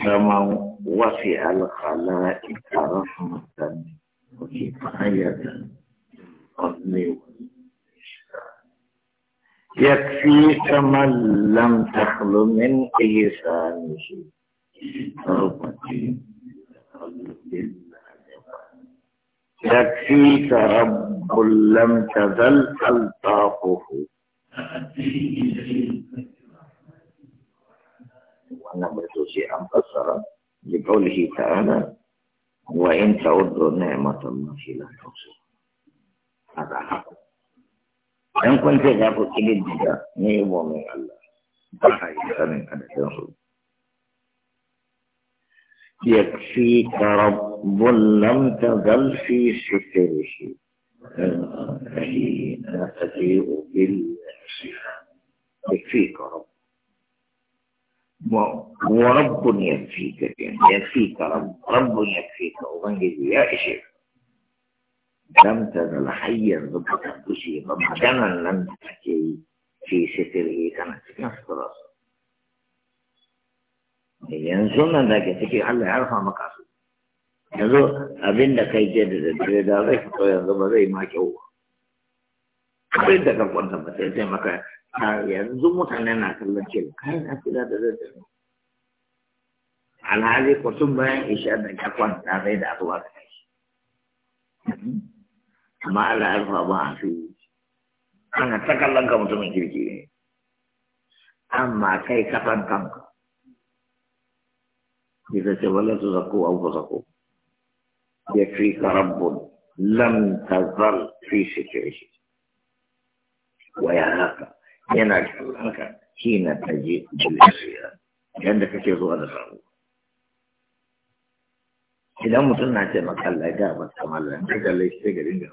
ومن وسع الخلائق رحمة وكفاية الفضل يكفيك من لم تخل من إيسانه ربتي يكفيك رب لم تزل ألطافه نبتو شيء أن فسر لقوله تعالى وإن تعدوا نعمة الله لا تحصوها هذا حق إن كنت تقول إلى جدا نعمة من الله بحي فحيث من أدى يكفيك رب لم تزل في ستره حين تجيء بالعصيان يكفيك رب ورب يكفيك يكفيك رب رب يكفيك وغنج يا شيخ لم تزل حيا ضد قدسي ضد دما لم تحكي في ستره كانت في نفس راسه ينزلنا ذاك تكي على عرفة مقاصد ينزل أبين لك يجدد الدرداري فتو ينزل ما كوه abin da ka kwanta ba sai sai maka yanzu mutane na kallon ce kayan asira da zai alhali kwatun bayan isha da ya kwanta zai da abuwa ka shi amma ala alfa ba a fi ana ta kallon ka mutumin kirki ne amma kai kafan kanka bisa ce wala su zako an ku zako ya fi karabbun lam tazal fi shi Waya haka yana ويراك shi na taje, تجيء بالأشياء yadda kake zuwa da sabo idan mutum na ce makalla ga ya gaba ta mallan ka galle shi ga dinga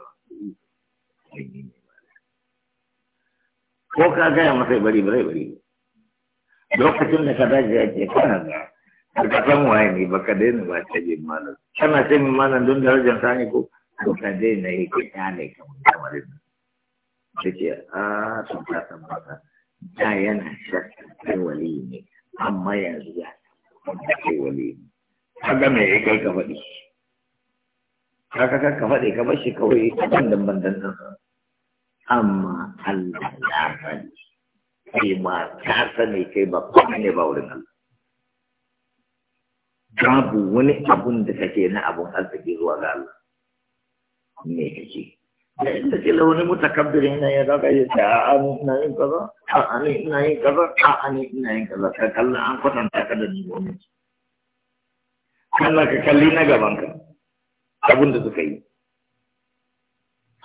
ko ka ga ya masa bari bari bari lokacin da ka dace ya ce kana ga ka san waye ne baka daina ba ta je mallan kana sai mana mallan don darajar ka ne ko ko ka daina yi ka ne kamar kamar yake a sun ta Ya yana shakka kai wali ne amma ya ya tabbata kai wali ne Ta me ya kai ka faɗi Ta ka ka faɗi ka bashi kawai a kan damban dandan amma Allah ya sani kai ma ta sani kai ba kuma ne ba wurin Allah babu wani abun da kake na abun arziki zuwa ga Allah me kake ke kila wani mutakabbirin nan ya zaka yi ta an na yin kaza a an na yin kaza a an na yin kaza ka kalla an kwatanta ka da jibomin kalla ka kalli na gaban ka abin da suka yi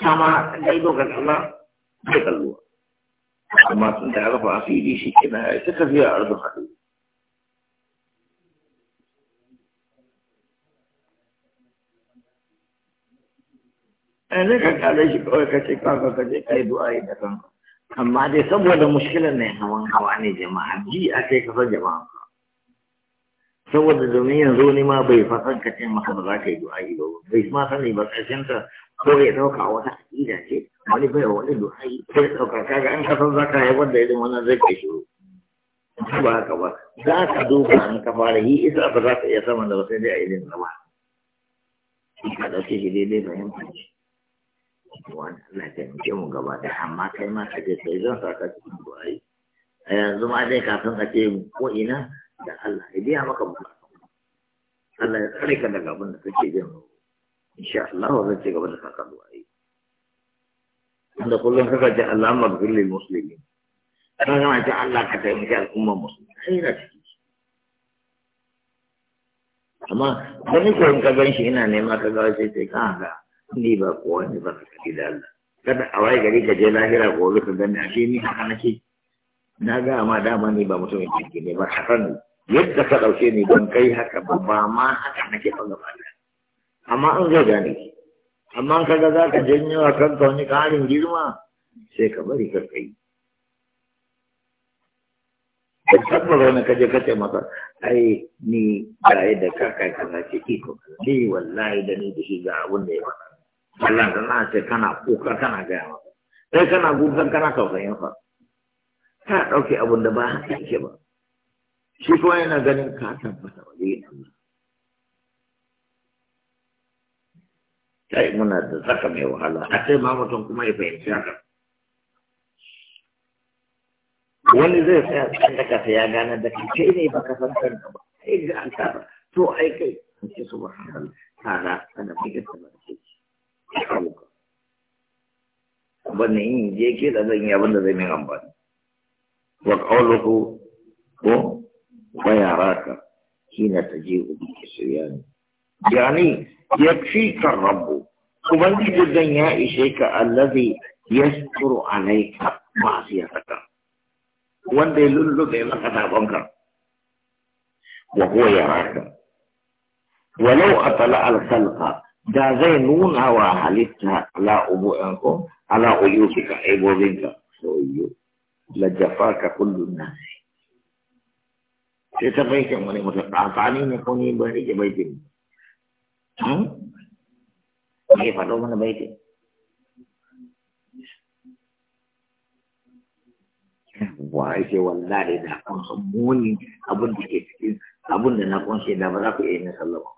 sama dai doka kalla da kalluwa amma sun ta rafa asiri shi kina ya ta tafiya arzun ne eh, ka kare shi kawai ka ce kanka ka je kai du'a da kanka amma dai saboda mushkilar ne hawan hawa ne jama'a ji a kai kasar jama'a saboda domin yanzu ni ma bai fasan ka ce maka ba za ka yi du'a ba bai ma sani ba ƙarshen ta ko ya ɗauka a wata aƙida ce wani bai wani du'a Ko ya ɗauka kaga an kasar za ka haifar da irin wannan zai kai shiru ba haka ba za ka duba an ka fara yi isa ba za ka iya sama da wata dai a irin zama ka ɗauke shi daidai fahimta ce wani Allah taimake mu gaba da amma kai ma ka je kai zan sa ka cikin buhari a yanzu ma dai kafin a ce ko ina da Allah ya biya maka bukatun Allah ya tsare ka daga abin da kake jin insha Allah zan ci gaba da saka buhari wanda kullum kaka ce Allah maghfir lil muslimin kan gama ce Allah ka taimake al'umma musulmi ai na ciki amma wani ko in ka gan shi ina nema ka ga sai sai ka ga ni ba kowa ne ba ka da Allah kada a waye gari ka je lahira ko ka gani ashe ni haka nake na ga ma dama ni ba mutumin ke ne ba haka ne yadda ka dauke ni don kai haka ba ba ma haka nake ba gaba amma an zai gane Amma amma kaga za ka janyo a kanka wani ƙarin girma sai ka bari ka kai da tabbar wani kaje kace masa ai ni ga yadda ka kai kana ce iko ni wallahi da ni da shi ga abun da ya faɗa Allah da na ce kana kuka kana gaya sai kana gugan kana ka sa ka ɗauke abun da ba haka yake ba shi kuma yana ganin ka muna da tsaka mai wahala a ma mutum kuma ya fahimci haka wani zai tsaya tsan kasa ya gane da ne baka san kanka ba sai ga an to ai kai in ce subhanallah kaza ana fiye da ba abin yin je ke da zan yi abin da zai min amfani wa qawluhu ko wa je hina taji'u shirya kisyani yani yakfika rabbu ubangiji dan ya ishe ka allazi yasturu ya ma'siyataka wanda ya lullube maka sabonka wa yara ka. walau a tala khalqa da zai nuna wa halitta ala ko ala uyubika aibobinka so uyu la ka kullu nasi sai ta baikin wani mutum amfani ne ko ni ba rike baikin ne faɗo mana baikin wa yake wallahi da kan muni abin da ke cikin abin da na kunshe da ba za ku iya yin sallama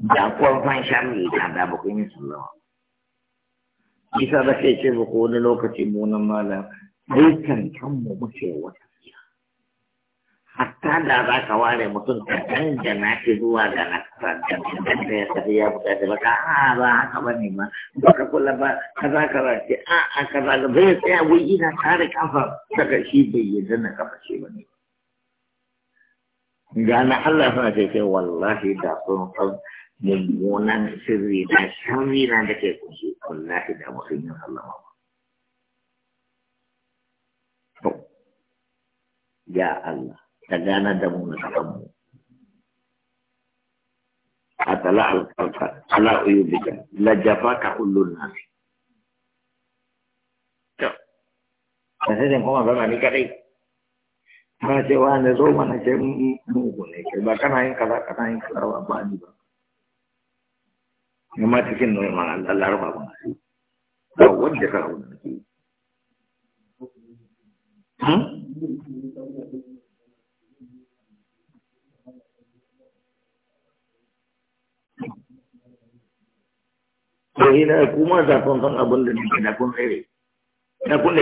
da kwan sharri da da bakwai kun sun sallama isa da ke ce ba ko wani lokaci mu nan malam dai kankan mu muke wata hatta da za ka ware mutum kaɗan da na ce zuwa ga na kaɗan da ya tafi ya buƙa da baka a ba haka ba ne ba ka kula ba kaza kaza ce a a kaza ga bai tsaya wai ina tare kafa daga shi bai yarda na kafa ce ba ne ga na Allah suna ce sai wallahi da sun san mummunan sirri na sharri na da ke kunshi wallahi da mutum yin sallama ba. To, ya Allah, ta gana da mu na mu. A tala alƙarfa, ala uyu bika, lajafa ka hullun na. To, da sai kuma zama ni kaɗai. ce wa ne zo mana ce mugu ne, ba kana yin kaza kana yin kaza ba ni ba. amma cikin normal Allah larba ba su ba wanda ka abu da hmm? kuma da kun san abin da da kun tsere. Da kun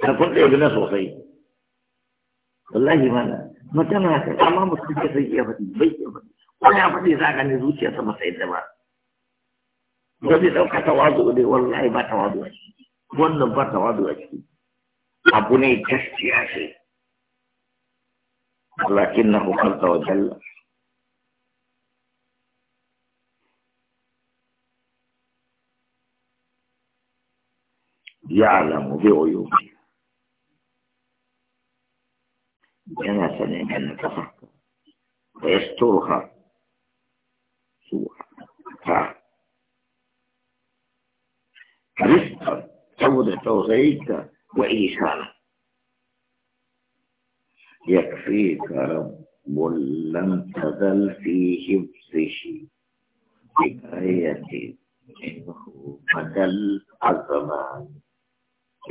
Da kun na sosai. Wallahi mana, mutum amma ke sai bai ya faɗi. wani ya faɗi za ka ne zuciyarsa masa yadda ba ba zai ɗauka tawazu ne wallahi ba tawazu a ciki wannan ba tawazu a ciki abu ne gaskiya ce walakin na hukar da wajen ya alamu bai oyo yana sanin yan kafarka da ya storha رزقا سود توزيك وإيشانا يكفيك رب لم تزل في حفظه بكرية إنه مدى الزمان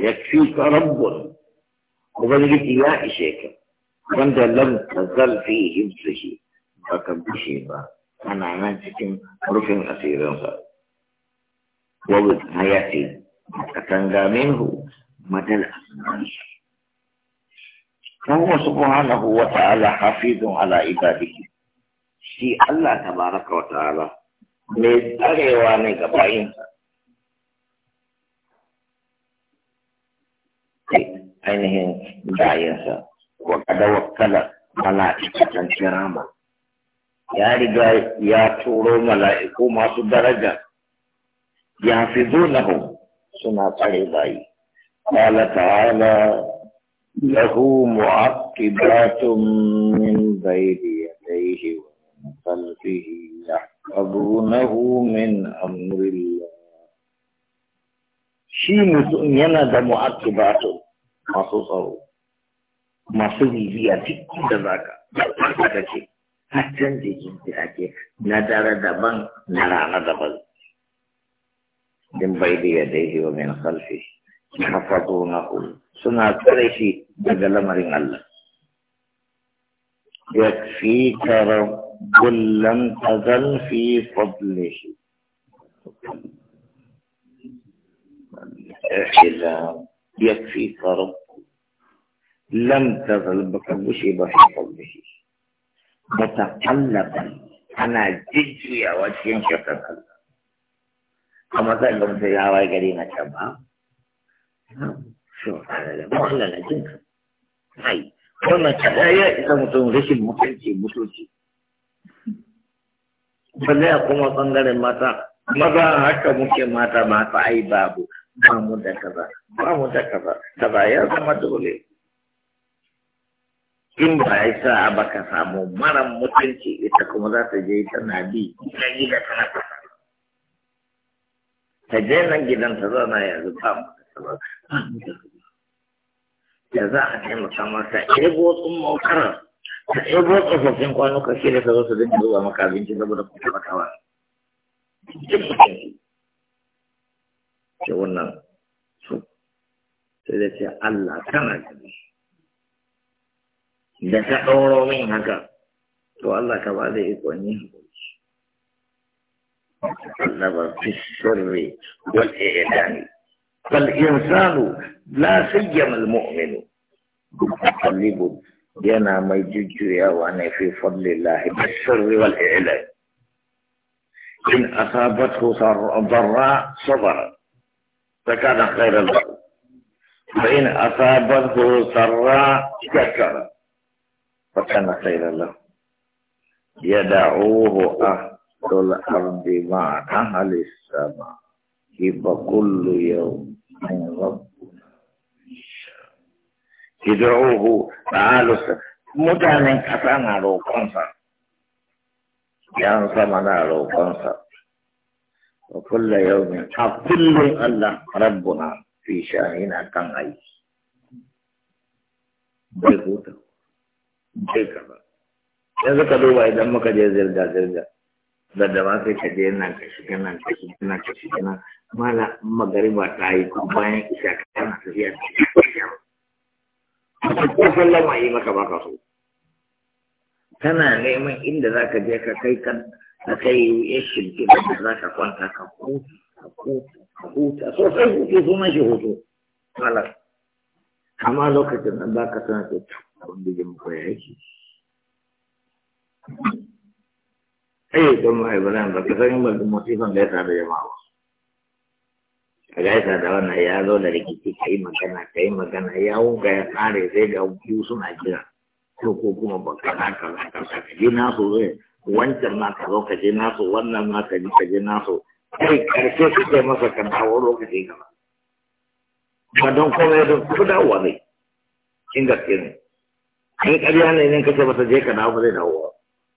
يكفيك رب وبلغت يا إشيك لم تزل في حفظه بكبشي بقى ana nan cikin rufin asirinsa wabu hayati katanga minhu madal asmani فهو سبحانه وتعالى hafizun ala ibadiki, shi Allah tabaraka wa ta'ala mai tsarewa ne ga bayinsa ainihin bayinsa wa kada wakkala mala'ikatan kirama يارجا يا تورو ملائكو ما سدرجا يا فضونه سنا تعالي قال تعالى له معقبات من بين يديه ومن خلفه يحفظونه من امر الله shi mutum yana da mu'akibatun masu tsaro masu zuziya cikin da zaka da ke أحسن دين تأكي نادرة دبان نرانا دبل دم بيد يديه ومن خلفه محفظون أقول سنة تريشي بدل مرين الله يكفيك رب لم تزل في فضله يكفيك رب لم تزل بك بشي فضله mutakallaban ana jujjuyawa cikin kyautar Allah a matsayin da mutum ya gari na can ba shi da wannan na jin ka ai wannan kada ya isa mutum rashin mutunci mutunci balle a kuma bangaren mata maza haka muke mata masu ai babu ba da da ya dole in ba ya sa ba ka samu mara mutunci ita kuma za ta je na bi ita gida tana fasa ta je nan gidan ta zauna yanzu ba mu Ya za a taimaka masa ebo tsummo karar ta ebo tsofaffin kwanuka shi da ta zo su dinga zuwa maka abinci saboda ku kawa ke wannan su sai da ce Allah kana gani da ta ɗauro min haka to Allah ka ba zai iko ni haƙuri Allah ba fi sirri wal i'lani fal insanu la sayyama al mu'minu qalbu yana mai jujjuyawa ne fi fadlillah bis sirri wal i'lani in asabathu dharra sabara فكان خيرا له فإن أصابته سراء شكر pertama saya lah. فكان خيرا له يدعوه أهل الأرض مع أهل السماء يبقى كل يوم من ta'alu يدعوه Mudah ni kata ngaruh roƙonsa Yang sama ngaruh roƙonsa wa kulla yau ne a kullum Allah rabbuna fi sha'ina kan aiki bai bai kaza yanzu ka duba idan muka je zirga-zirga ba sai ka je nan ka shiga nan ka shiga nan ka shiga nan mala magariba ta yi ko bayan isa ka kana tafiya ko sallama yi maka ka so kana neman inda za ka je ka kai kan a kai ya shirke da za ka kwanta ka huta ka huta sosai hutu sunan shi hutu malas amma lokacin nan za ka tana ce abin da jin koya yake ai don ma ibrahim ba ka san ba motifan da ya tare da jama'a a gaisa da wannan ya zo da rikici ka yi magana ka yi magana ya wunka ya tsare sai ga biyu suna jira ko ko kuma ba ka za ka za ka ka je nasu zai eh, wancan na ka zo ka je nasu wannan na ka je ka je nasu kai karshe ka ce masa ka dawo lokaci gaba ba don komai don ku dawowa ne in gaske ne in ƙarya ne in kace masa je ka dawo zai dawo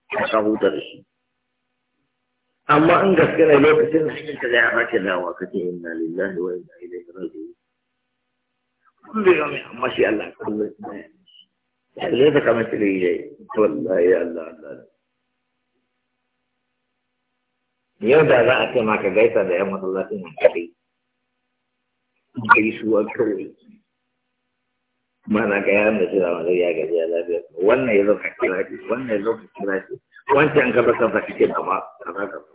ba ka huta da shi amma in gaske ne lokacin da shi ka zai sake dawowa kace inna lillahi wa inna ilaihi raji'un kun bai ga mai amma shi Allah kullum ya zai ta kamar shi da yi wallahi Allah Allah yau da za a ce ma ka gaisa da yan masallacin nan kaɗai gaisuwa kawai mana kaya da mai shira wanda ya gaji ya lafiya wannan ya zo ka kira shi wannan ya zo ka kira shi wancan ka baka ba kike da ba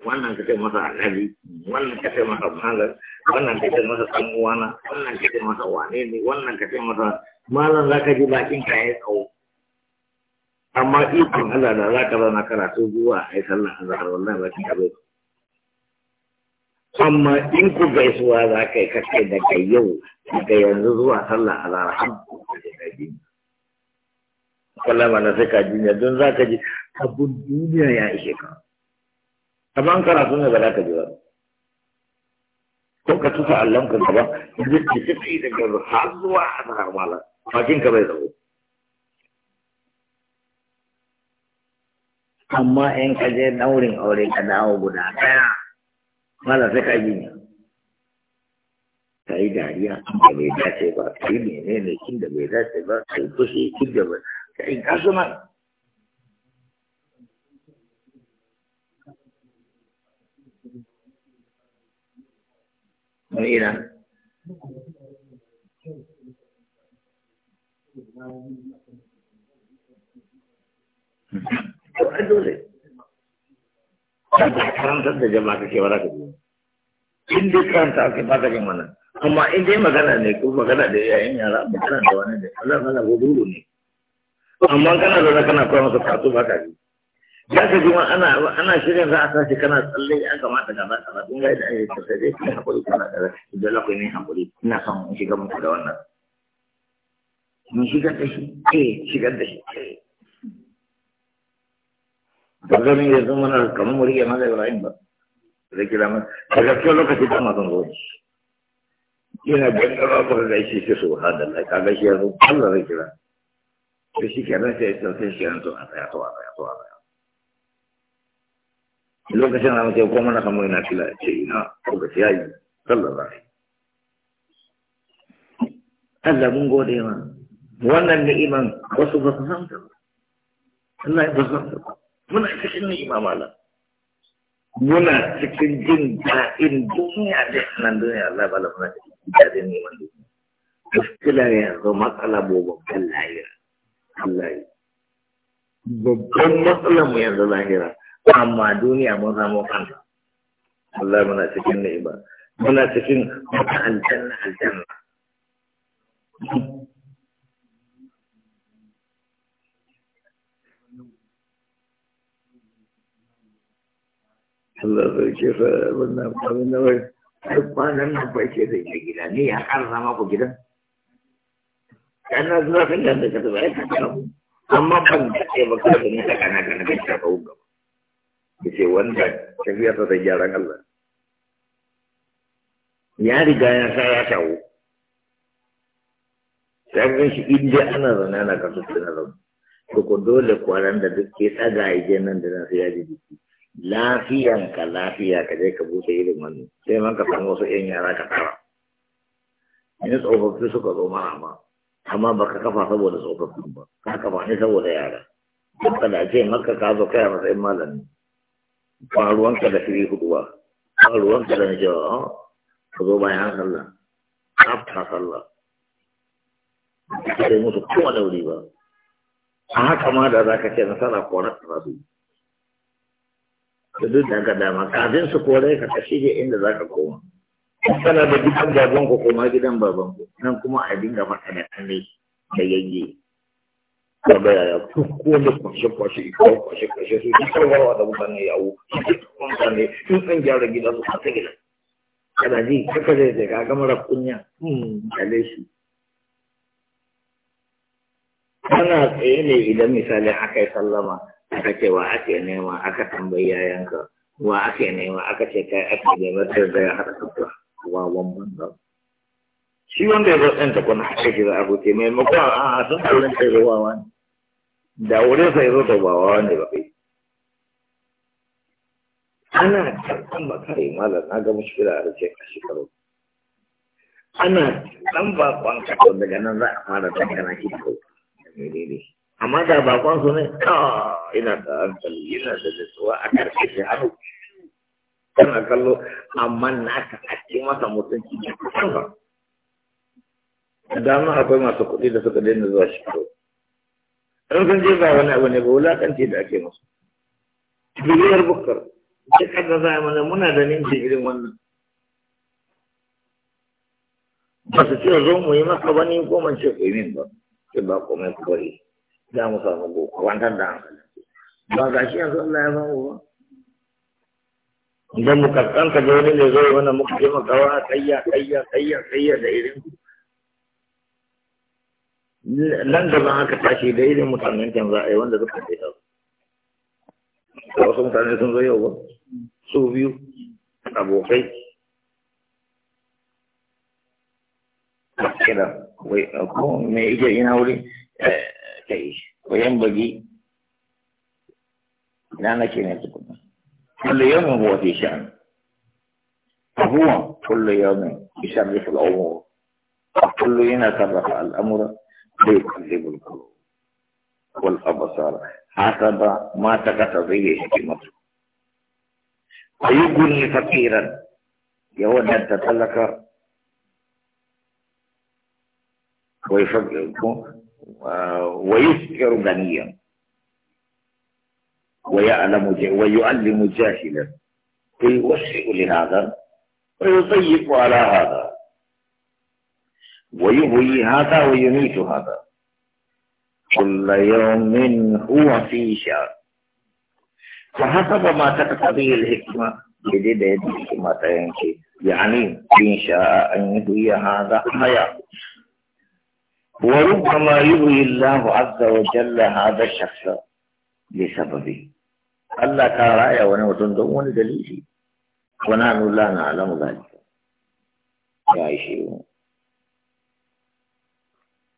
wannan ka kai masa alhaji wannan ka kai masa malam wannan ka kai masa dan uwana wannan ka kai masa wane ne wannan ka kai masa malam zaka ji bakin ka ya tsawo amma ikon Allah da zaka zauna karatu zuwa ai sallah azhar wallahi bakin ka bai amma in ku gaisuwa za ka yi da daga yau daga yanzu zuwa sallah a zarafin kwallon mana sai ka jinya don za ka ji abun duniya ya ishe ka amma an karatu ne ba za ka ji ba ko ka tuka allon ka gaba yanzu ki ci tsaye gaba har zuwa a zarar mala bakin ka bai zabo amma in ka je daurin aure ka dawo guda ɗaya mala sai ka yi ka yi dariya da bai dace ba ka yi menene kin da bai dace ba ka yi fushi kin da bai ka yi kasuma mai ina to a dole kada karantar da jama'a kake ba za ka biyo in dai karanta ake ba ka jin wannan amma in dai magana ne ko magana da yayin yara magana da wani da Allah Allah ko duru ne amma kana zaune kana koya masa karatu ba ka ji Ya ka ji ana ana shirin za a tashi ah, kana tsalle ya kamata ka zaka ba kun ga da ai ka sai kai hakuri kana da da la ne hakuri ina son in shiga muku da wannan mun shigar da shi eh shigar da shi eh daga min ya zama na kamar mu rike masa Ibrahim ba da kira masa lokaci ta masu zuwa yana jan kaba ba ga shi shi subhanallah ka ga shi ya zo Allah zai kira to shi kenan sai sai sai shi an to a tsaya to a tsaya to a tsaya lokacin da muke koma na kamar na ce ina lokaci yayi sallar ba Allah mun gode ma wannan ni'iman wasu ba su san ta ba Allah ta muna cikin ni'ima malam muna cikin jin daɗin duniya da nan duniya Allah ba la muna cikin daɗin neman duniya muskila yanzu matsala bo babban lahira Allah babban matsala mu yanzu lahira amma duniya mun samu kanta Allah muna cikin ni'ima muna cikin wata aljanna aljanna Allah sarki fa wannan abin da wai kwanan nan bai ce zai je gida ni ya karna maku gidan kana zuwa kan da ka tabbata ka kana amma ban da ce ba ka da ni da kana kana da ta kawo gaba yace wanda tafiya ta da gyaran Allah ya riga ya sa ya kawo sai ga shi inda ana zana na kasu tana zama to ko dole kwanan da duk ke tsaga ya nan da nan sai ya ji jiki Lafiyan ka lafiya ka je ka bude irin wannan sai man ka samu wasu yan yara ka tara ni tsofaffi suka zo ma amma baka kafa saboda tsofaffin ba ka kafa ne saboda yara duk da ce maka ka zo kai a matsayin malami ba ka da fili hudu ba ba ka da ce ba oh, ka zo bayan sallah after sallah ba ka musu da wuri ba a haka ma da za ka ce nasara korar ta zasu yi da duk da dama kafin su kore ka ka shige inda za ka koma kana da gidan baban ku koma gidan baban ku nan kuma a dinga maka da kanne da yayye ko da ya ku ko da kwashe kwashe ko kwashe kwashe su duk wa da mutane ya wu mutane sun san gyara gidan su ta gida kana ji kaka zai zai ga gamar kunya hmm kalle shi kana tsaye ne idan misali aka yi sallama aka ce wa ake nema aka tambayi yayanka wa ake nema aka ce kai ake nema sai da ya haɗa kanta wa wan banza shi wanda ya zaɓen ta kuna haka shi za a huce maimakon a a sun wurin sai zuwa wani da wurin sai zo da ba wani ba kai ana karɓan ba kai malam na ga mushkila da rike a shekaru ana ɗan bakon kakau daga nan za a fara ɗan shi da kai daidai amma da bakon su ne ah, ina da hankali ina da nutsuwa a karfe shi hannu kana kallo amma na ka ake masa mutunci da kusan ba dama akwai masu kuɗi da suka daina zuwa shi kawai in sun je ba wani abu ne ba wulakanci da ake musu biliyar bukkar duk da za mana muna da ninci irin wannan ba su ce zo mu yi maka wani ko mace ce yi min ba ce ba komai kawai za mu samu go kwantar da hankali ba ga shi yanzu Allah ya samu ba idan muka kanka da wani ne zai wannan muka je maka wa kayya kayya kayya kayya da irin nan da ba aka tashi da irin mutanen can za a yi wanda suka kai wasu mutane sun zo yau ba su biyu abokai kira wai ko me yake ina wuri eh تعيش وينبغي لا نكين تكون كل يوم هو في شأن فهو كل يوم يشرف الأمور وكل ينصرف الأمر ليقلب القلوب والأبصار حسب ما تقتضيه حكمته ويغني فقيرا يود أن تتلك ويفقركم ويسكر غنيا ويعلم ويعلم جاهلا فيوسع لهذا ويضيق على هذا ويهوي هذا ويميت هذا كل يوم هو في شهر فحسب ما تقتضي الحكمة جديد الحكمة يعني إن شاء أن يهوي هذا حياة وربما يغوي الله عز وجل هذا الشخص لسببه الله كان رأي وانا وتندون دليلي ونحن لا نعلم ذلك يا شيخ